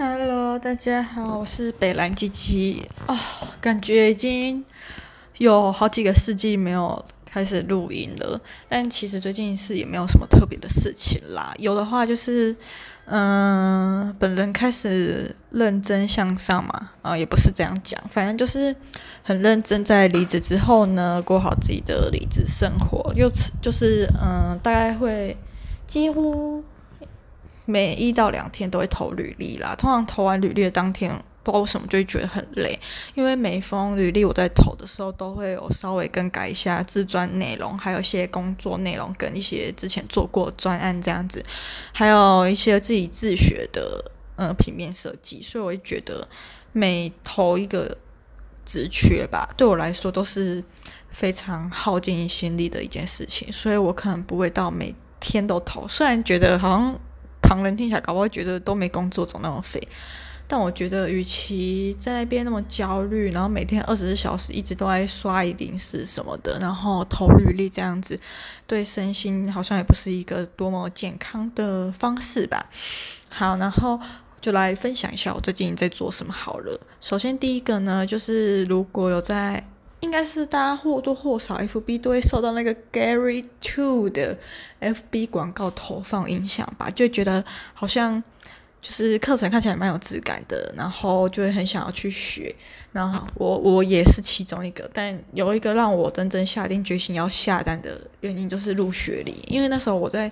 Hello，大家好，我是北藍雞雞哦，oh, 感覺已經有好幾個世紀沒有開始錄音了，但其實最近是也沒有什麼特別的事情啦。有的話就是，嗯、呃，本人開始認真向上嘛，啊、呃，也不是這樣講，反正就是很認真。在離職之後呢，過好自己的離職生活，又就是，嗯、呃，大概會幾乎。每一到兩天都會投履歷啦。通常投完履歷的當天，不知道為什麼就會覺得很累，因為每一封履歷我在投的時候，都會有稍微更改一下自傳內容，還有一些工作內容跟一些之前做過專案這樣子，還有一些自己自學的呃平面設計，所以我會覺得每投一個職缺吧，對我來說都是非常耗盡心力的一件事情，所以我可能不會到每天都投，雖然覺得好像。旁人聽起來搞不好覺得都沒工作，總那麼廢。但我覺得，與其在那邊那麼焦慮，然後每天二十四小時一直都在刷104什麼的，然後投履歷這樣子，對身心好像也不是一個多麼健康的方式吧。好，然後就來分享一下我最近在做什麼好了。首先第一個呢，就是如果有在應該是大家或多或少，FB 都會受到那個 Gary Two 的 FB 廣告投放影響吧，就覺得好像就是課程看起來蠻有質感的，然後就會很想要去學。然後我我也是其中一個，但有一個讓我真正下定決心要下單的原因就是入學禮，因為那時候我在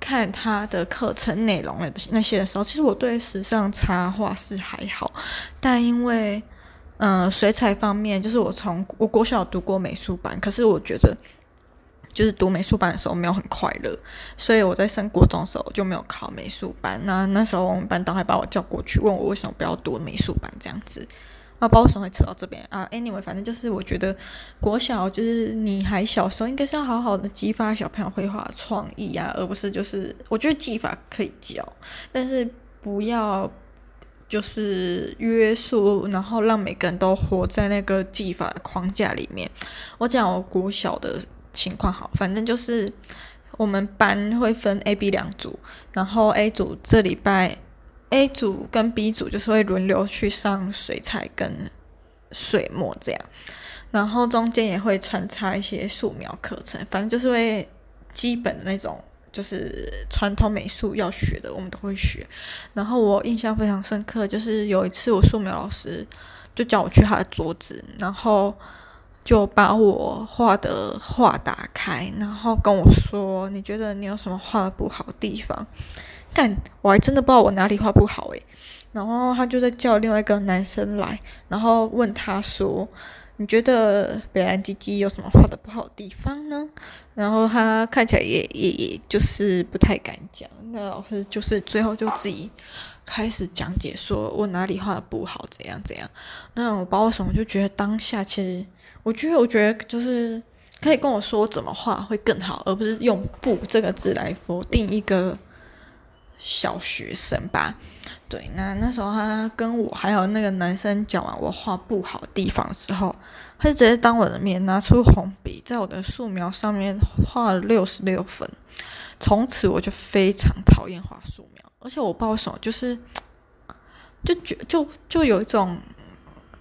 看他的課程內容那些的時候，其實我對時尚插畫是還好，但因為。嗯，水彩方面，就是我從我國小讀過美術班，可是我覺得就是讀美術班的時候沒有很快樂，所以我在升國中的時候就沒有考美術班。那那時候我們班導還把我叫過去，問我為什麼不要讀美術班這樣子，啊，不知道為什麼會扯到這邊啊？Anyway，反正就是我覺得國小就是你還小時候應該是要好好的激發小朋友繪畫的創意啊，而不是就是我覺得技法可以教，但是不要。就是約束，然後讓每個人都活在那個技法框架裡面。我講我國小的情況好，反正就是我們班會分 A、B 兩組，然後 A 組這禮拜 A 組跟 B 組就是會輪流去上水彩跟水墨這樣，然後中間也會穿插一些素描課程，反正就是會基本那種。就是傳統美術要學的，我們都會學。然後我印象非常深刻，就是有一次我素描老師就叫我去他的桌子，然後就把我畫的畫打開，然後跟我說：“你覺得你有什麼畫不好的地方？”但我還真的不知道我哪裡畫不好誒，然後他就在叫另外一個男生來，然後問他說，你覺得北洋吉吉有什麼畫的不好的地方呢？然後他看起來也也也就是不太敢講，那老師就是最後就自己開始講解，說我哪裡畫的不好，怎樣怎樣。那我不知道為什麼我就覺得當下其實，我覺得我覺得就是可以跟我說怎麼畫會更好，而不是用“不”這個字來否定一個小學生吧。對，那那時候他跟我還有那個男生講完我畫不好的地方的時候，他就直接當我的面拿出紅筆，在我的素描上面畫了六十六分。從此我就非常討厭畫素描，而且我不知道什麼，就是就覺就就，就有一種，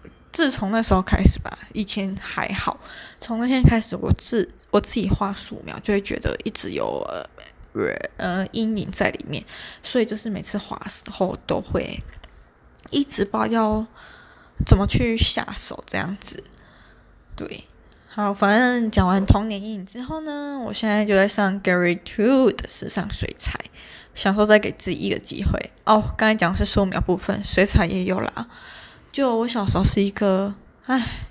嗯，自從那時候開始吧，以前還好，從那天開始，我自我自己畫素描就會覺得一直有，呃呃，陰影在裡面，所以就是每次畫的時候都會一直不知道要怎麼去下手這樣子。對，好，反正講完童年陰影之後呢，我現在就在上 Gary Two 的時尚水彩，想說再給自己一個機會。哦，剛才講的是素描部分，水彩也有啦。就我小時候是一個，唉。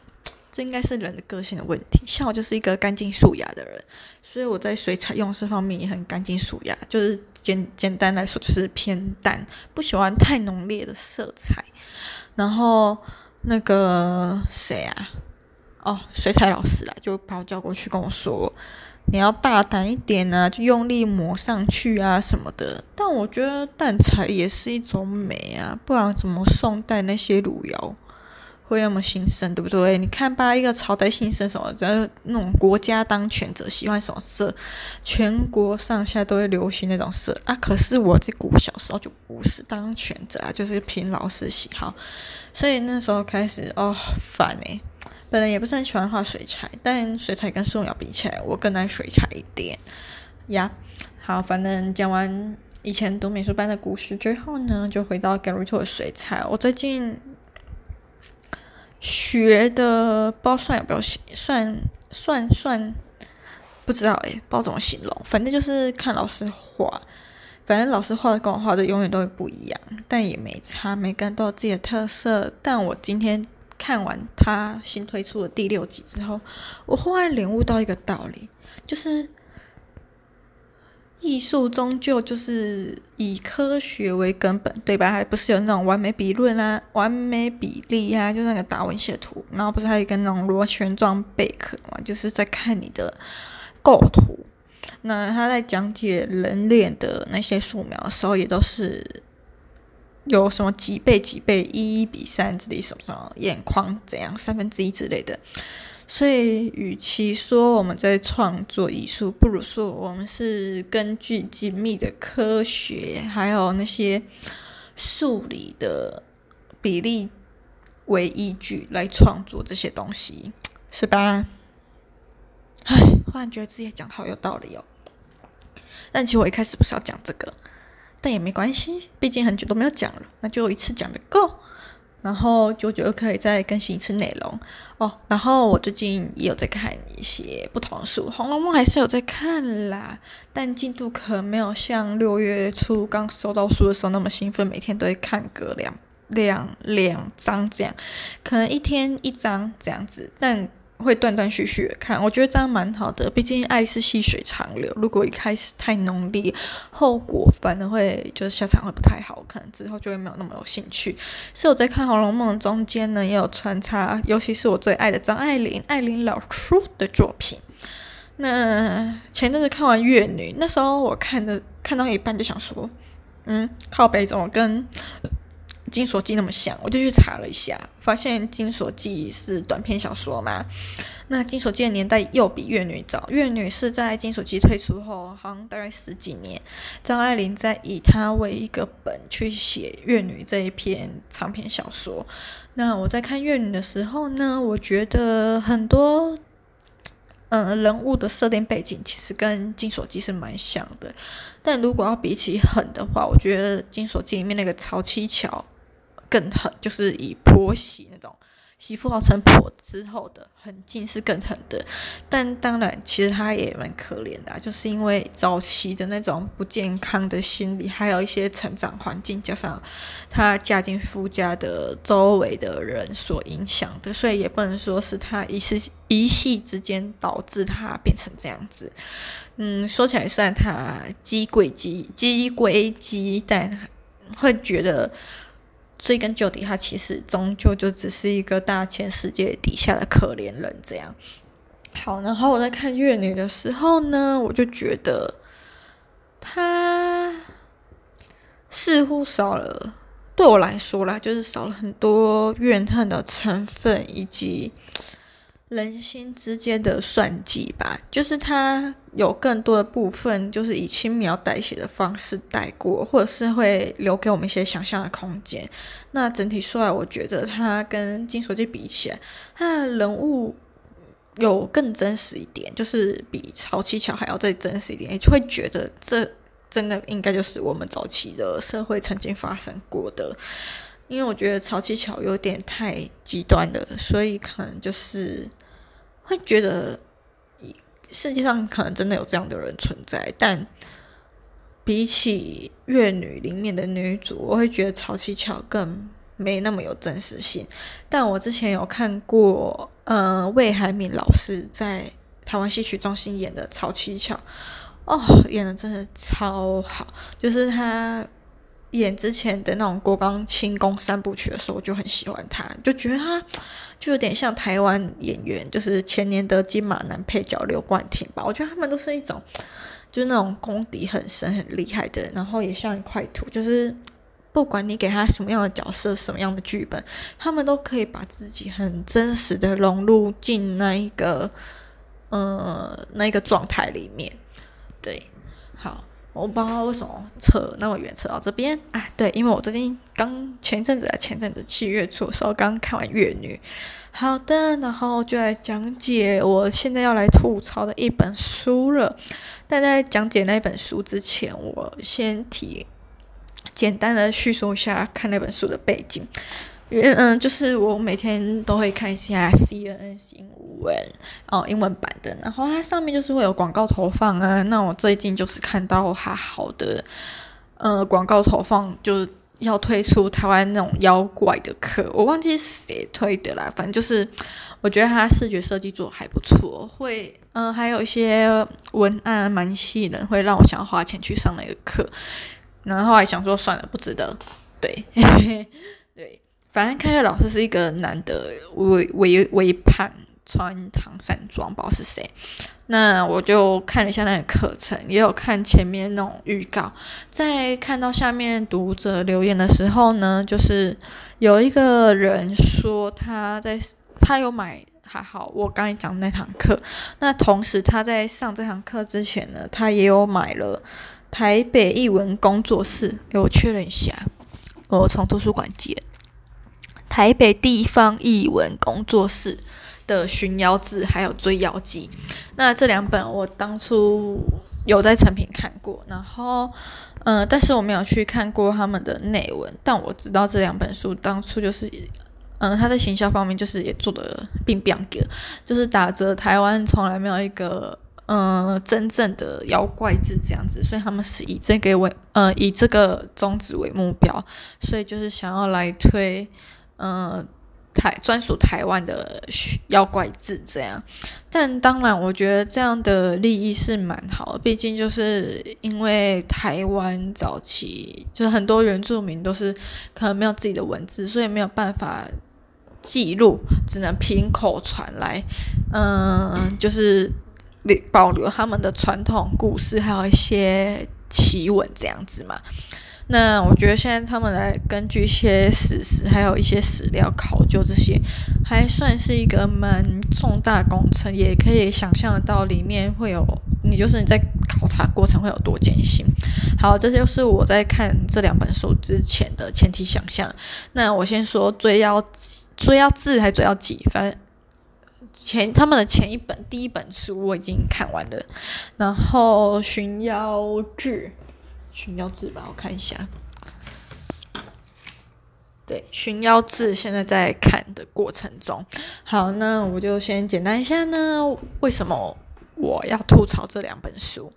這應該是人的個性的問題。像我就是一個乾淨素雅的人，所以我在水彩用色方面也很乾淨素雅。就是簡簡單來說，就是偏淡，不喜歡太濃烈的色彩。然後那個誰啊？哦，水彩老師啦，就把我叫過去跟我說：“你要大膽一點啊，就用力抹上去啊什麼的。”但我覺得淡彩也是一種美啊，不然怎麼宋代那些汝窯？會那麼興盛，對不對？你看吧，一個朝代興盛什麼，只要那種國家當權者喜歡什麼色，全國上下都會流行那種色啊。可是我這股小時候就不是當權者啊，就是憑老師喜好，所以那時候開始哦，煩哎、欸。本來也不是很喜歡畫水彩，但水彩跟素描比起來，我更愛水彩一點呀。Yeah. 好，反正講完以前讀美術班的故事之後呢，就回到 Gelato 的水彩。我最近，學的，不知道算有沒有形，算算算，不知道哎、欸，不知道怎麼形容。反正就是看老師畫，反正老師畫的跟我畫的永遠都會不一樣，但也沒差，每個人都有自己的特色。但我今天看完他新推出的第六集之後，我忽然領悟到一個道理，就是。藝術終究就是以科學為根本，對吧？還不是有那種完美比率啊，完美比例啊，就那個達文西的圖，然後不是還有一個那種螺旋狀貝殼嘛？就是在看你的構圖。那他在講解人臉的那些素描的時候，也都是有什麼幾倍幾倍，一一比三之類什麼，眼眶怎樣，三分之一之類的。所以，與其說我們在創作藝術，不如說我們是根據精密的科學，還有那些數理的比例為依據來創作這些東西，是吧？唉，忽然覺得自己講得好有道理哦。但其實我一開始不是要講這個，但也沒關係，畢竟很久都沒有講了，那就一次講個夠。然後久久又可以再更新一次內容哦。Oh, 然後我最近也有在看一些不同的書，《紅樓夢》還是有在看啦，但進度可能沒有像六月初剛收到書的時候那麼興奮，每天都會看個兩兩兩章這樣，可能一天一章這樣子，但。會斷斷續續的看，我覺得這樣蠻好的，畢竟愛是細水長流。如果一開始太濃烈，後果反而會就是下場會不太好看，之後就會沒有那麼有興趣。是我在看《紅樓夢》中間呢，也有穿插，尤其是我最愛的張愛玲、愛玲老叔的作品。那前陣子看完《怨女》，那時候我看的看到一半就想說，嗯，靠北，總跟。《金鎖記》那麼像，我就去查了一下，發現《金鎖記》是短篇小說嘛。那《金鎖記》的年代又比《怨女》早，《怨女》是在《金鎖記》推出後，好像大概十幾年。張愛玲在以她為一個本去寫《怨女》這一篇長篇小說。那我在看《怨女》的時候呢，我覺得很多，嗯、呃，人物的設定背景其實跟《金鎖記》是蠻像的。但如果要比起狠的話，我覺得《金鎖記》裡面那個曹七巧。更狠，就是以婆媳那種媳婦熬成婆之後的狠勁是更狠的，但當然其實她也蠻可憐的、啊，就是因為早期的那種不健康的心理，還有一些成長環境，加上她嫁進夫家的周圍的人所影響的，所以也不能說是她一時一夕之間導致她變成這樣子。嗯，說起來算她雞歸雞、雞歸雞，但會覺得。追根究底，他其實終究就只是一個大千世界底下的可憐人這樣。好，然後我在看《怨女》的時候呢，我就覺得他似乎少了，對我來說啦，就是少了很多怨恨的成分以及。人心之間的算計吧，就是它有更多的部分，就是以輕描淡寫的方式帶過，或者是會留給我們一些想象的空間。那整體說來，我覺得它跟《金鎖記》比起來，它的人物有更真實一點，就是比《曹七巧》還要再真實一點，也就會覺得這真的應該就是我們早期的社會曾經發生過的。因為我覺得《曹七巧》有點太極端了，所以可能就是。會覺得世界上可能真的有這樣的人存在，但比起月女裡面的女主，我會覺得曹七巧更沒那麼有真實性。但我之前有看過，呃，魏海敏老師在台灣戲曲中心演的曹七巧，哦，演的真的超好，就是她。演之前的那種郭剛輕功三部曲的時候，我就很喜歡他，就覺得他就有點像台灣演員，就是前年的金馬男配角劉冠廷吧。我覺得他們都是一種，就是那種功底很深、很厲害的，然後也像一塊土，就是不管你給他什麼樣的角色、什麼樣的劇本，他們都可以把自己很真實的融入進那一個，呃，那一個狀態裡面。對，好。我不知道為什麼扯那麼遠，扯到這邊。哎、啊，對，因為我最近剛前陣子，前陣子七月初的時候剛看完《月女》，好的，然後就來講解我現在要來吐槽的一本書了。但在講解那本書之前，我先提簡單的敘述一下看那本書的背景。嗯，就是我每天都會看一下 CNN 新聞，哦，英文版的。然後它上面就是會有廣告投放啊。那我最近就是看到它好的，嗯、呃，廣告投放就是要推出台灣那種妖怪的課，我忘記誰推的啦。反正就是我覺得他視覺設計做得還不錯，會，嗯、呃，還有一些文案蠻吸引人，會讓我想要花錢去上那個課。然後還想說，算了，不值得。對， 對。反正開學老師是一個男的，微微微胖，穿唐裝，不知道是誰。那我就看了一下那個課程，也有看前面那種預告。在看到下面讀者留言的時候呢，就是有一個人說他在他有買，還好我剛才講的那堂課。那同時他在上這堂課之前呢，他也有買了台北藝文工作室，給我確認一下，我從圖書館借。台北地方異聞工作室的《尋妖志》還有《追妖記》，那這兩本我當初有在成品看過，然後，嗯、呃，但是我沒有去看過他們的內文，但我知道這兩本書當初就是，嗯、呃，他的行銷方面就是也做的並不嚴格，就是打着台灣從來沒有一個，嗯、呃，真正的妖怪志這樣子，所以他們是以這個為，嗯、呃，以這個宗旨為目標，所以就是想要來推。嗯，台專屬台灣的妖怪誌這樣，但當然我覺得這樣的立意是蠻好的，畢竟就是因為台灣早期就是很多原住民都是可能沒有自己的文字，所以沒有辦法記錄，只能憑口傳來，嗯，就是保保留他們的傳統故事，還有一些奇聞這樣子嘛。那我覺得現在他們來根據一些史實，還有一些史料考究這些，還算是一個蠻重大工程，也可以想象到裡面會有，你就是你在考察過程會有多艱辛。好，這就是我在看這兩本書之前的前提想象。那我先說《追妖》《追妖誌》還是《追妖記》，反正前他們的前一本第一本書我已經看完了，然後《尋妖志》。《尋妖誌》吧，我看一下。對，《尋妖誌》現在在看的過程中。好，那我就先簡單一下呢。為什麼我要吐槽這兩本書？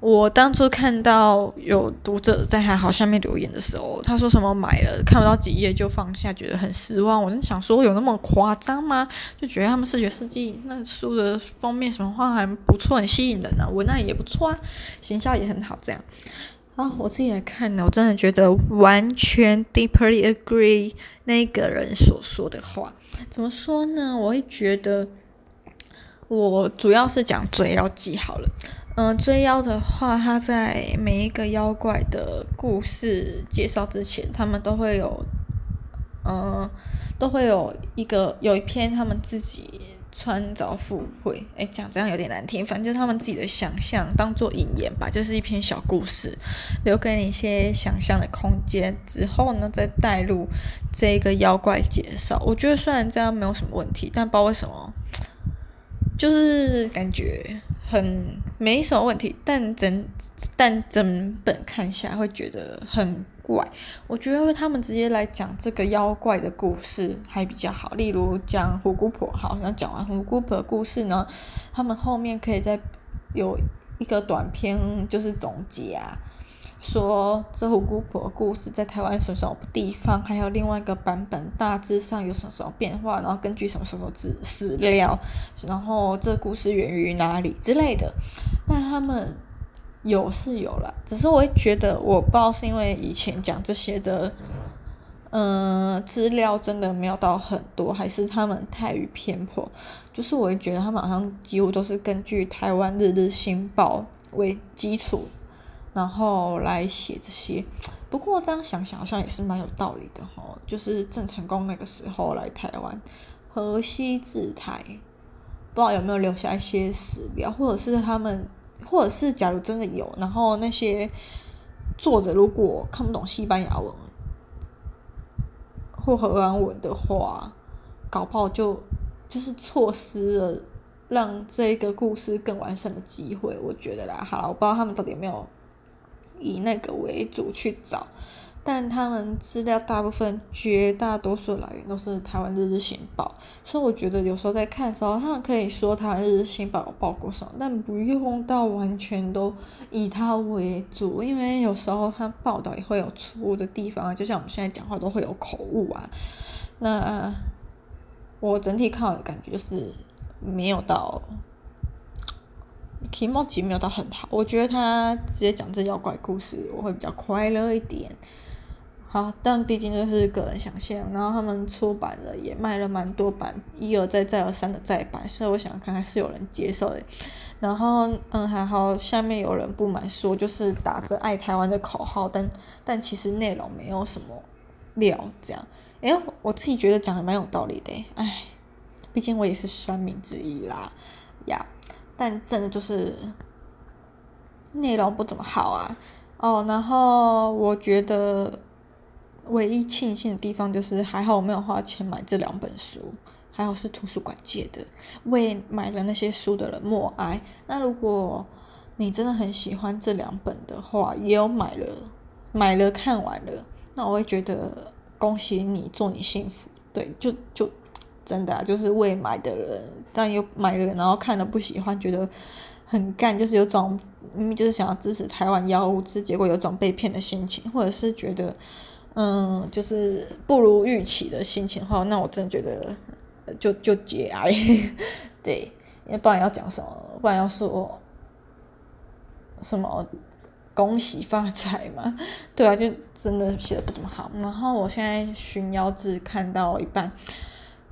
我當初看到有讀者在還好下面留言的時候，他說什麼買了看不到幾頁就放下，覺得很失望。我就想說，有那麼誇張嗎？就覺得他們視覺設計那書的封面什麼畫還不錯，很吸引人呢、啊，文案也不錯啊，形象也很好，這樣。啊、我自己來看呢，我真的覺得完全 deeply agree 那個人所說的話。怎麼說呢？我會覺得，我主要是講追妖記好了。嗯、呃，追妖的話，他在每一個妖怪的故事介紹之前，他們都會有，嗯、呃，都會有一個有一篇他們自己。穿鑿附會，哎，講這樣有點難聽，反正就是他們自己的想象，當做引言吧，就是一篇小故事，留給你一些想象的空間。之後呢，再帶入這個妖怪介紹。我覺得雖然這樣沒有什麼問題，但不知道為什麼，就是感覺很沒什麼問題，但整但整本看下來會覺得很。怪，我覺得他們直接來講這個妖怪的故事還比較好。例如講虎姑婆，好，像講完虎姑婆的故事呢，他們後面可以再有一個短片，就是總結啊，說這虎姑婆的故事在台灣什麼什麼地方，還有另外一個版本，大致上有什麼什麼變化，然後根據什麼什麼資料，然後這故事源於哪裡之類的。那他們。有是有啦，只是我會覺得，我不知道是因為以前講這些的，嗯、呃，資料真的沒有到很多，還是他們太於偏頗，就是我會覺得他們好像幾乎都是根據台灣《日日新報》為基礎，然後來寫這些。不過這樣想想好像也是蠻有道理的吼、哦，就是鄭成功那個時候來台灣，荷西治台，不知道有沒有留下一些史料，或者是他們。或者是，假如真的有，然後那些作者如果看不懂西班牙文或荷蘭文的話，搞不好就就是錯失了讓這個故事更完善的機會。我覺得啦，好啦，我不知道他們到底有沒有以那個為主去找。但他們資料大部分、絕大多數來源都是台灣《日日新報》，所以我覺得有時候在看的時候，他們可以說台灣《日日新報》有報過少，但不用到完全都以他為主，因為有時候他報道也會有錯誤的地方啊，就像我們現在講話都會有口誤啊。那我整體看我的感覺是，沒有到気持ち沒有到很好，我覺得他直接講這妖怪故事，我會比較快樂一點。好，但畢竟就是個人想象。然後他們出版了，也賣了蠻多版，一而再，再而三的再版，所以我想看還是有人接受的。然後，嗯，還好，下面有人不滿說，說就是打着愛台灣的口號，但但其實內容沒有什麼料這樣。誒，我自己覺得講的蠻有道理的，哎，畢竟我也是酸民之一啦呀。Yeah, 但真的就是內容不怎麼好啊。哦，然後我覺得。唯一慶幸的地方就是，還好我沒有花錢買這兩本書，還好是圖書館借的。為買了那些書的人默哀。那如果你真的很喜歡這兩本的話，也有買了，買了看完了，那我會覺得恭喜你，祝你幸福。對，就就真的、啊、就是為買的人，但又買了然後看了不喜歡，覺得很乾，就是有種明明、嗯、就是想要支持台灣妖物誌結果有種被騙的心情，或者是覺得。嗯，就是不如預期的心情哈，那我真的覺得就就節哀， 對，因為不然要講什麼，不然要說什麼恭喜發財嘛，對啊，就真的寫的不怎麼好。 然後我現在尋妖志看到一半，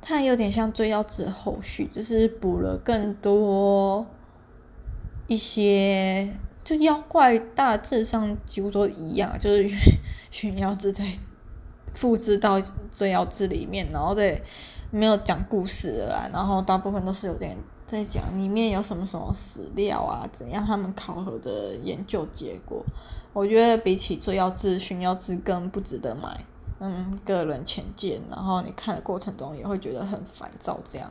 它有點像追妖誌的後續，就是補了更多一些。就妖怪大致上幾乎都一樣，就是尋妖志在複製到最妖志裡面，然後在沒有講故事啦，然後大部分都是有點在講裡面有什麼什麼史料啊，怎樣他們考核的研究結果。我覺得比起最妖志、尋妖志更不值得買，嗯，個人淺見。然後你看的過程中也會覺得很煩躁，這樣，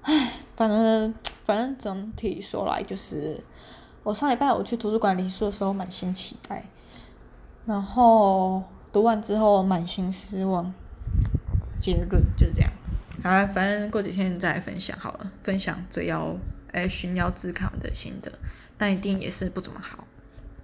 唉，反正反正整體說來就是。我上禮拜我去圖書館領書的時候滿心期待，然後讀完之後滿心失望。結論就是這樣。好了，反正過幾天再來分享好了，分享最妖，哎，尋妖自考的心得，但一定也是不怎麼好。